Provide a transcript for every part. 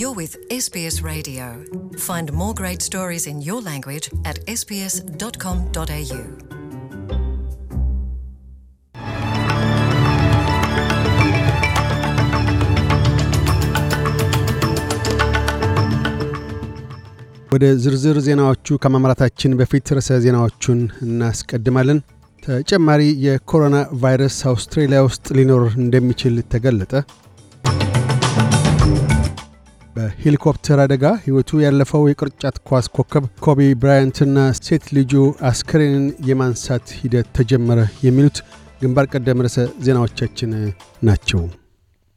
You're with SBS Radio. Find more great stories in your language at sbs.com.au. ወደ ዝርዝር ዜናዎቹ ከማምራታችን በፊት ርዕሰ ዜናዎቹን እናስቀድማለን። ተጨማሪ የኮሮና ቫይረስ አውስትሬሊያ ውስጥ ሊኖር እንደሚችል ተገለጠ። በሄሊኮፕተር አደጋ ሕይወቱ ያለፈው የቅርጫት ኳስ ኮከብ ኮቢ ብራያንትና ሴት ልጁ አስክሬንን የማንሳት ሂደት ተጀመረ የሚሉት ግንባር ቀደም ርዕሰ ዜናዎቻችን ናቸው።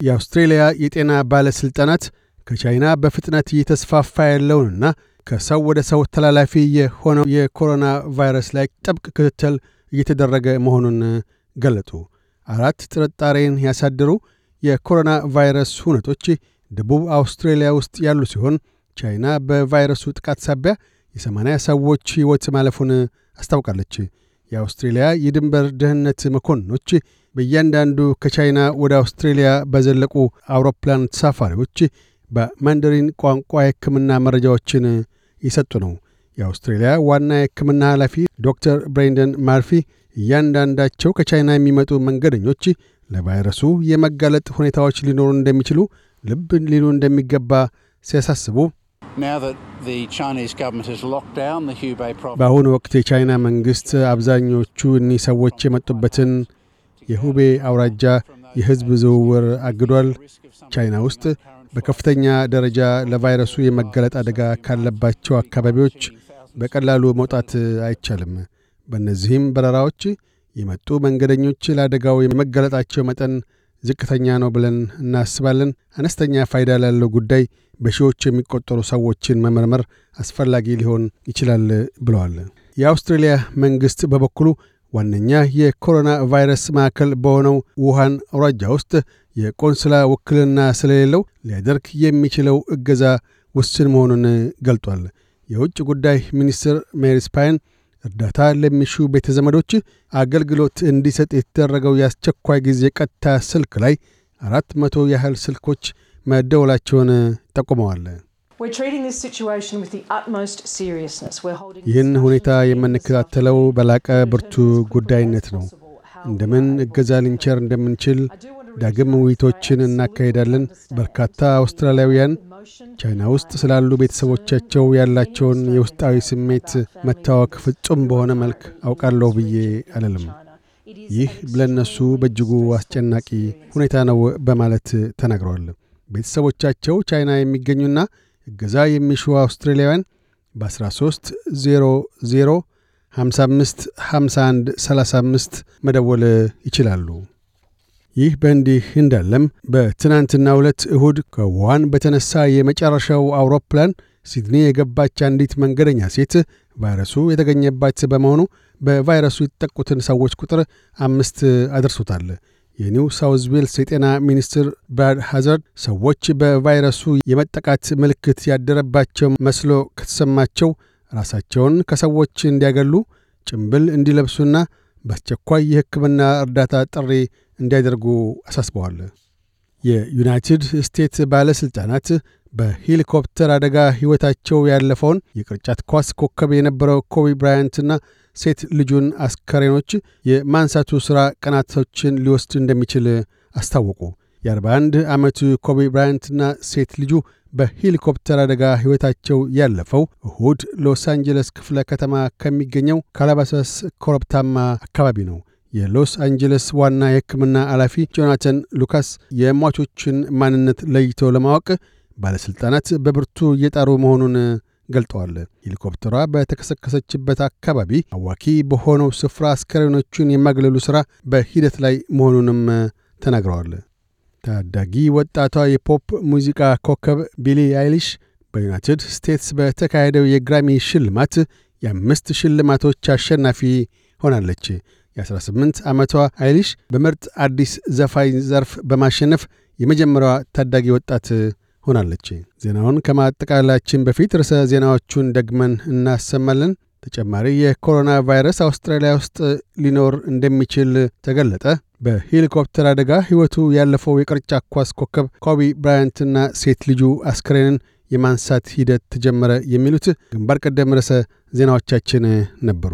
የአውስትሬልያ የጤና ባለሥልጣናት ከቻይና በፍጥነት እየተስፋፋ ያለውንና ከሰው ወደ ሰው ተላላፊ የሆነው የኮሮና ቫይረስ ላይ ጥብቅ ክትትል እየተደረገ መሆኑን ገለጡ። አራት ጥርጣሬን ያሳደሩ የኮሮና ቫይረስ ሁነቶች ደቡብ አውስትሬልያ ውስጥ ያሉ ሲሆን ቻይና በቫይረሱ ጥቃት ሳቢያ የ ሰዎች ሕይወት ማለፉን አስታውቃለች። የአውስትሬልያ የድንበር ደህንነት መኮንኖች በእያንዳንዱ ከቻይና ወደ አውስትሬልያ በዘለቁ አውሮፕላን ተሳፋሪዎች በማንደሪን ቋንቋ የሕክምና መረጃዎችን ይሰጡ ነው። የአውስትሬልያ ዋና የሕክምና ኃላፊ ዶክተር ብሬንደን ማርፊ እያንዳንዳቸው ከቻይና የሚመጡ መንገደኞች ለቫይረሱ የመጋለጥ ሁኔታዎች ሊኖሩ እንደሚችሉ ልብ ሊሉ እንደሚገባ ሲያሳስቡ በአሁኑ ወቅት የቻይና መንግሥት አብዛኞቹ እኒህ ሰዎች የመጡበትን የሁቤ አውራጃ የሕዝብ ዝውውር አግዷል። ቻይና ውስጥ በከፍተኛ ደረጃ ለቫይረሱ የመገለጥ አደጋ ካለባቸው አካባቢዎች በቀላሉ መውጣት አይቻልም። በእነዚህም በረራዎች የመጡ መንገደኞች ለአደጋው የመገለጣቸው መጠን ዝቅተኛ ነው ብለን እናስባለን። አነስተኛ ፋይዳ ላለው ጉዳይ በሺዎች የሚቆጠሩ ሰዎችን መመርመር አስፈላጊ ሊሆን ይችላል ብለዋል። የአውስትሬልያ መንግሥት በበኩሉ ዋነኛ የኮሮና ቫይረስ ማዕከል በሆነው ውሃን አውራጃ ውስጥ የቆንስላ ውክልና ስለሌለው ሊያደርግ የሚችለው እገዛ ውስን መሆኑን ገልጧል። የውጭ ጉዳይ ሚኒስትር ሜሪስ ፓይን እርዳታ ለሚሹ ቤተ ዘመዶች አገልግሎት እንዲሰጥ የተደረገው የአስቸኳይ ጊዜ ቀጥታ ስልክ ላይ አራት መቶ ያህል ስልኮች መደወላቸውን ጠቁመዋል። ይህን ሁኔታ የምንከታተለው በላቀ ብርቱ ጉዳይነት ነው። እንደምን እገዛ ልንቸር እንደምንችል ዳግም ውይይቶችን እናካሄዳለን። በርካታ አውስትራሊያውያን ቻይና ውስጥ ስላሉ ቤተሰቦቻቸው ያላቸውን የውስጣዊ ስሜት መታወክ ፍጹም በሆነ መልክ አውቃለሁ ብዬ አለልም። ይህ ለእነሱ በእጅጉ አስጨናቂ ሁኔታ ነው በማለት ተናግረዋል። ቤተሰቦቻቸው ቻይና የሚገኙና እገዛ የሚሹ አውስትራሊያውያን በ 1300 55 51 35 መደወል ይችላሉ። ይህ በእንዲህ እንዳለም በትናንትና ሁለት እሁድ ከውሃን በተነሳ የመጨረሻው አውሮፕላን ሲድኒ የገባች አንዲት መንገደኛ ሴት ቫይረሱ የተገኘባት በመሆኑ በቫይረሱ የተጠቁትን ሰዎች ቁጥር አምስት አድርሶታል። የኒው ሳውዝ ዌልስ የጤና ሚኒስትር ብራድ ሃዛርድ ሰዎች በቫይረሱ የመጠቃት ምልክት ያደረባቸው መስሎ ከተሰማቸው ራሳቸውን ከሰዎች እንዲያገሉ ጭምብል እንዲለብሱና በአስቸኳይ የሕክምና እርዳታ ጥሪ እንዲያደርጉ አሳስበዋል። የዩናይትድ ስቴትስ ባለሥልጣናት በሄሊኮፕተር አደጋ ሕይወታቸው ያለፈውን የቅርጫት ኳስ ኮከብ የነበረው ኮቢ ብራያንትና ሴት ልጁን አስከሬኖች የማንሳቱ ሥራ ቀናቶችን ሊወስድ እንደሚችል አስታወቁ። የ41 ዓመቱ ኮቢ ብራያንትና ሴት ልጁ በሄሊኮፕተር አደጋ ሕይወታቸው ያለፈው እሁድ ሎስ አንጀለስ ክፍለ ከተማ ከሚገኘው ካላባሳስ ኮረብታማ አካባቢ ነው። የሎስ አንጀለስ ዋና የሕክምና ኃላፊ ጆናተን ሉካስ የሟቾችን ማንነት ለይቶ ለማወቅ ባለሥልጣናት በብርቱ እየጣሩ መሆኑን ገልጠዋል። ሄሊኮፕተሯ በተከሰከሰችበት አካባቢ አዋኪ በሆነው ስፍራ አስከሬኖቹን የማግለሉ ሥራ በሂደት ላይ መሆኑንም ተናግረዋል። ታዳጊ ወጣቷ የፖፕ ሙዚቃ ኮከብ ቢሊ አይሊሽ በዩናይትድ ስቴትስ በተካሄደው የግራሚ ሽልማት የአምስት ሽልማቶች አሸናፊ ሆናለች። የ18 ዓመቷ አይሊሽ በምርጥ አዲስ ዘፋኝ ዘርፍ በማሸነፍ የመጀመሪያዋ ታዳጊ ወጣት ሆናለች። ዜናውን ከማጠቃላችን በፊት ርዕሰ ዜናዎቹን ደግመን እናሰማለን። ተጨማሪ የኮሮና ቫይረስ አውስትራሊያ ውስጥ ሊኖር እንደሚችል ተገለጠ። በሄሊኮፕተር አደጋ ሕይወቱ ያለፈው የቅርጫት ኳስ ኮከብ ኮቢ ብራያንትና ሴት ልጁ አስክሬንን የማንሳት ሂደት ተጀመረ። የሚሉት ግንባር ቀደም ርዕሰ ዜናዎቻችን ነበሩ።